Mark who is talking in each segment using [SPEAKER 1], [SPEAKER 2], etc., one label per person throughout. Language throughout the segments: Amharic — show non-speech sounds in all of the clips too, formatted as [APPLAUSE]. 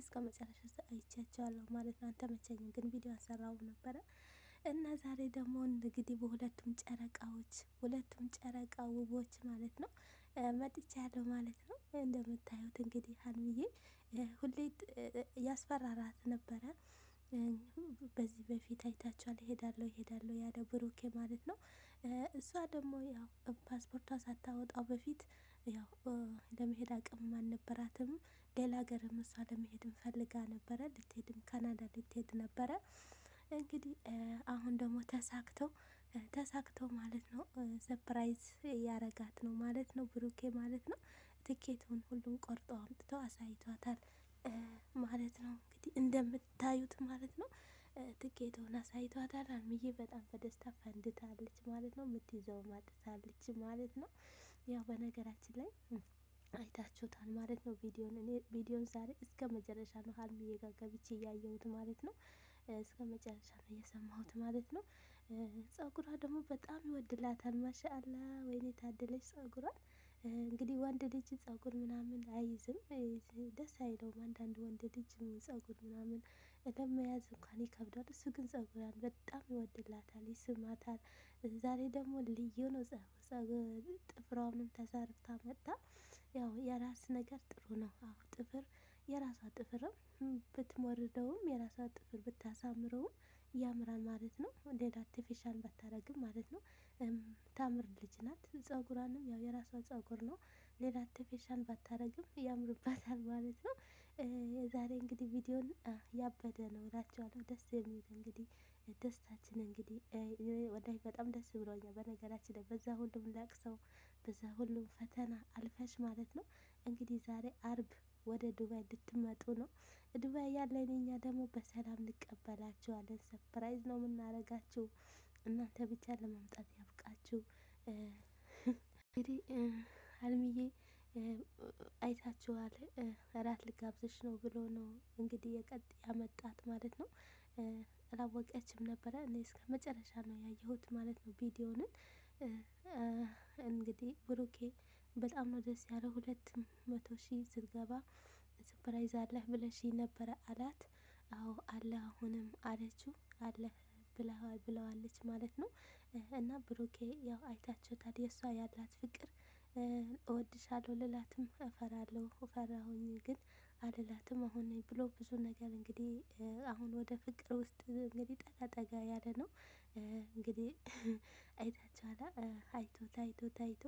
[SPEAKER 1] እስከ መጨረሻ አይቻቸዋለሁ ማለት ነው። አልተመቸኝም ግን ቪዲዮ አሰራው ነበረ እና ዛሬ ደግሞ እንግዲህ በሁለቱም ጨረቃዎች ሁለቱም ጨረቃ ውቦች ማለት ነው መጥቻለሁ ማለት ነው። እንደምታዩት እንግዲህ ሀይሚዬ ሁሌ ያስፈራራት ነበረ። በዚህ በፊት አይታችኋል። ይሄዳለሁ ይሄዳለሁ ያለ ብሩኬ ማለት ነው። እሷ ደግሞ ያው ፓስፖርቷ ሳታወጣው በፊት ያው ለመሄድ አቅምም አልነበራትም። ሌላ ሀገርም እሷ ለመሄድ ፈልጋ ነበረ። ልትሄድም ካናዳ ልትሄድ ነበረ። እንግዲህ አሁን ደግሞ ተሳክተው ተሳክተው ማለት ነው ሰፕራይዝ ያረጋት ነው ማለት ነው ብሩኬ ማለት ነው። ትኬቱን ሁሉም ቆርጦ አምጥተው አሳይቷታል። ማለት ነው። እንግዲህ እንደምታዩት ማለት ነው ትኬቱን አሳይቷታል። አልምዬ በጣም በደስታ ፈንድታለች ማለት ነው። የምትይዘው ማጥታለች ማለት ነው። ያው በነገራችን ላይ አይታችሁታል ማለት ነው ቪዲዮን። እኔ ቪዲዮን ዛሬ እስከ መጨረሻ ነው አልምዬ ጋር ገብቼ እያየሁት ማለት ነው። እስከ መጨረሻ ነው እየሰማሁት ማለት ነው። ጸጉሯ ደግሞ በጣም ይወድላታል። ማሻአላ ወይኔ ታደለች ጸጉሯን እንግዲህ ወንድ ልጅ ጸጉር ምናምን አይይዝም ደስ አይለውም። አንዳንድ ወንድ ልጅ ጸጉር ምናምን ለመያዝ እንኳን ይከብዳል። እሱ ግን ጸጉሯን በጣም ይወድላታል፣ ይስማታል። ዛሬ ደግሞ ልዩ ነው ጥፍሯንም ተሰርታ መጣ። ያው የራስ ነገር ጥሩ ነው። አዎ ጥፍር የራሷ ጥፍርም ብትሞርደውም የራሷ ጥፍር ብታሳምረውም የምታምር ልጅ ናት። ጸጉሯንም ያው የራሷ ጸጉር ነው፣ ሌላ አርቴፊሻል ባታረግም ያምርባታል ማለት ነው። የዛሬ እንግዲህ ቪዲዮን ያበደ ነው እላቸዋለሁ። ደስ የሚል እንግዲህ ደስታችን እንግዲህ ወላሂ በጣም ደስ ብሎኛል። በነገራችን ላይ በዛ ሁሉም ለቅሰው በዛ ሁሉም ፈተና አልፈሽ ማለት ነው እንግዲህ ዛሬ አርብ ወደ ዱባይ ልትመጡ ነው። ዱባይ ያለን እኛ ደግሞ በሰላም እንቀበላችኋለን። ሰፕራይዝ ነው የምናረጋችሁ። እናንተ ብቻ ለማምጣት ያብቃችሁ። [LAUGHS] እንግዲህ አልሚዬ አይታችኋል። እራት ልጋብዝሽ ነው ብሎ ነው እንግዲህ የቀጥ ያመጣት ማለት ነው። አላወቀችም ነበረ። እኔ እስከ መጨረሻ ነው ያየሁት ማለት ነው ቪዲዮንን። እንግዲህ ብሩኬ በጣም ነው ደስ ያለው። ሁለት መቶ ሺህ ስገባ ሰርፕራይዝ አለህ ብለሽ ነበረ አላት። አዎ አለ አሁንም አለችው አለ ብለዋለች ማለት ነው። እና ብሩኬ ያው አይታችሁታል የእሷ ያላት ፍቅር እወድሻለሁ ልላትም እፈራለሁ እፈራሁኝ ግን አልላትም አሁን ብሎ ብዙ ነገር እንግዲህ አሁን ወደ ፍቅር ውስጥ እንግዲህ ጠጋ ጠጋ ያለ ነው። እንግዲህ [LAUGHS] አይታችኋላ። አይቶ ታይቶ ታይቶ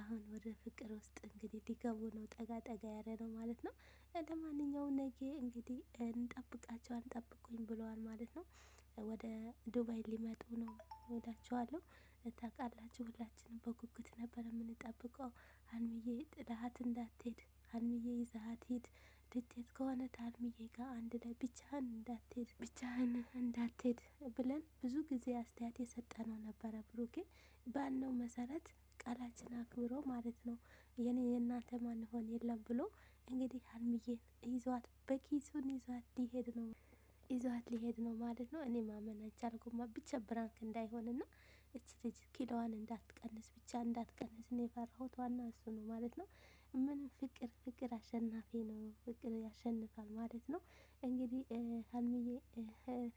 [SPEAKER 1] አሁን ወደ ፍቅር ውስጥ እንግዲህ ሊገቡ ነው። ጠጋ ጠጋ ያለ ነው ማለት ነው። ለማንኛውም ነገ እንግዲህ እንጠብቃቸው አንጠብቁኝ ብለዋል ማለት ነው። ወደ ዱባይ ሊመጡ ነው እላችኋለሁ። ታውቃላችሁ፣ ሁላችንም በጉጉት ነበር የምንጠብቀው። ሀይሚዬ ጥላሃት እንዳትሄድ፣ ሀይሚዬ ይዛሀት ሂድ ብትሄድ ከሆነ ታልምዬ ጋር አንድ ላይ ብቻህን እንዳትሄድ ብቻህን እንዳትሄድ ብለን ብዙ ጊዜ አስተያየት ነው ነበረ። ብሩኬ ባለው መሰረት ቃላችን አክብሮ ማለት ነው የኔ የእናንተ ሆን የለም ብሎ እንግዲህ ሀልምዬን ይዟት በኪሱን ይዟት ሊሄድ ነው ይዟት ሊሄድ ነው ማለት ነው። እኔ ማመን አልቻልኩም። ብቻ ብራንክ እንዳይሆንና እች ልጅ ኪሎዋን እንዳትቀንስ ብቻ እንዳትቀንስ ነው የፈራሁት። ዋና እሱ ነው ማለት ነው። ምንም ፍቅር ፍቅር አሸናፊ ነው፣ ፍቅር ያሸንፋል ማለት ነው። እንግዲህ ሀይሚዬ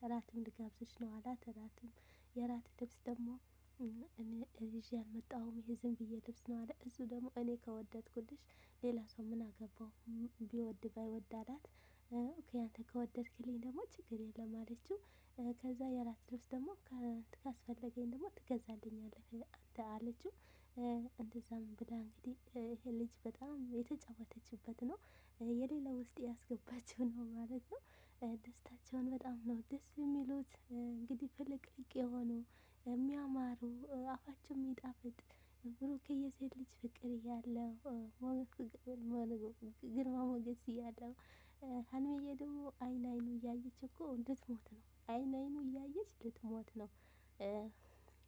[SPEAKER 1] እራትም ልጋብዝሽ ነው አላት። እራትም የራት ልብስ ደግሞ ይዤ አልመጣሁም፣ ይሄ ዝም ብዬ ልብስ ነው አለ። እሱ ደግሞ እኔ ከወደድኩልሽ ሌላ ሰው ምን አገባው ቢወድ ባይወድ አላት። ከያንተ ከወደድክልኝ ደግሞ ችግር የለም አለችው። ከዛ የራት ልብስ ደግሞ ካስፈለገኝ ደግሞ ትገዛልኛለህ አንተ አለችው። እንደዛም ብላ እንግዲህ ይሄ ልጅ በጣም የተጫወተችበት ነው። የሌላ ውስጥ ያስገባቸው ነው ማለት ነው። ደስታቸውን በጣም ነው ደስ የሚሉት። እንግዲህ ፍልቅልቅ የሆኑ የሚያማሩ አፋቸው የሚጣፍጥ ብሩክ የሴት ልጅ ፍቅር እያለው ግርማ ሞገስ እያለው ሀይሚዬ ደግሞ አይን አይኑ እያየች እኮ ልትሞት ነው። አይን አይኑ እያየች ልትሞት ነው።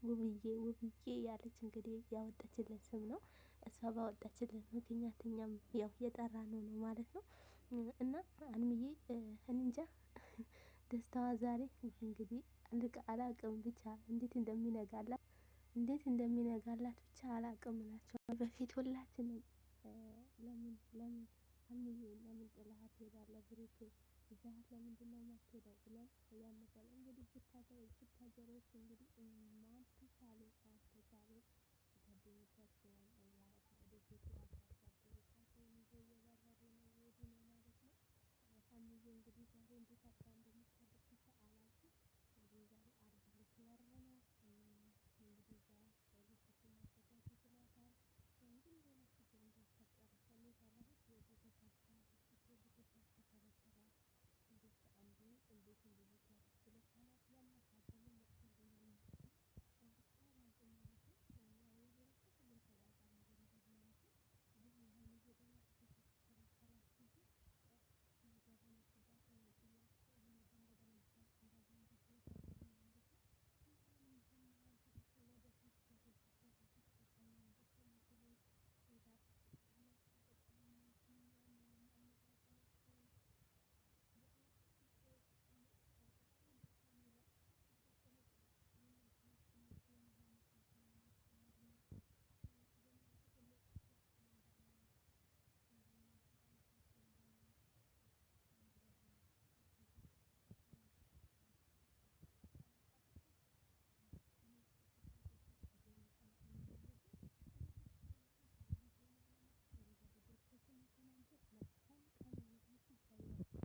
[SPEAKER 1] ውብዬ ውብዬ ያለች እንግዲህ ያወጣችልን ስም ነው። እሷ ባወጣችልን ምክንያት እኛም ያው የጠራ ነው ነው ማለት ነው። እና አንምዬ እንጃ [LAUGHS] ደስታዋ ዛሬ እንግዲህ ልቅ አላቅም ብቻ እንዴት እንደሚነጋላት እንዴት እንደሚነጋላት ብቻ አላቅም እላቸዋለሁ። በፊት ሁላችንም
[SPEAKER 2] ለምን ለምን አንምዬ ለምን ጥላሃት ትሄዳለህ ብሩኬ ይዘሃት ለምንድን ነው የማትሄደው ብለን ያመጣል እንግዲህ ብታገሮች እንግዲህ ሳልሳት ከጓደኞቻቸው ማለት ነው ወደ ቤቱ አባል ጓደኞቻቸው ይዘው እየበረሩ ነው የሄዱ ነው ማለት ነው። ሳምዬ እንግዲህ ዛሬ እንዴት አባ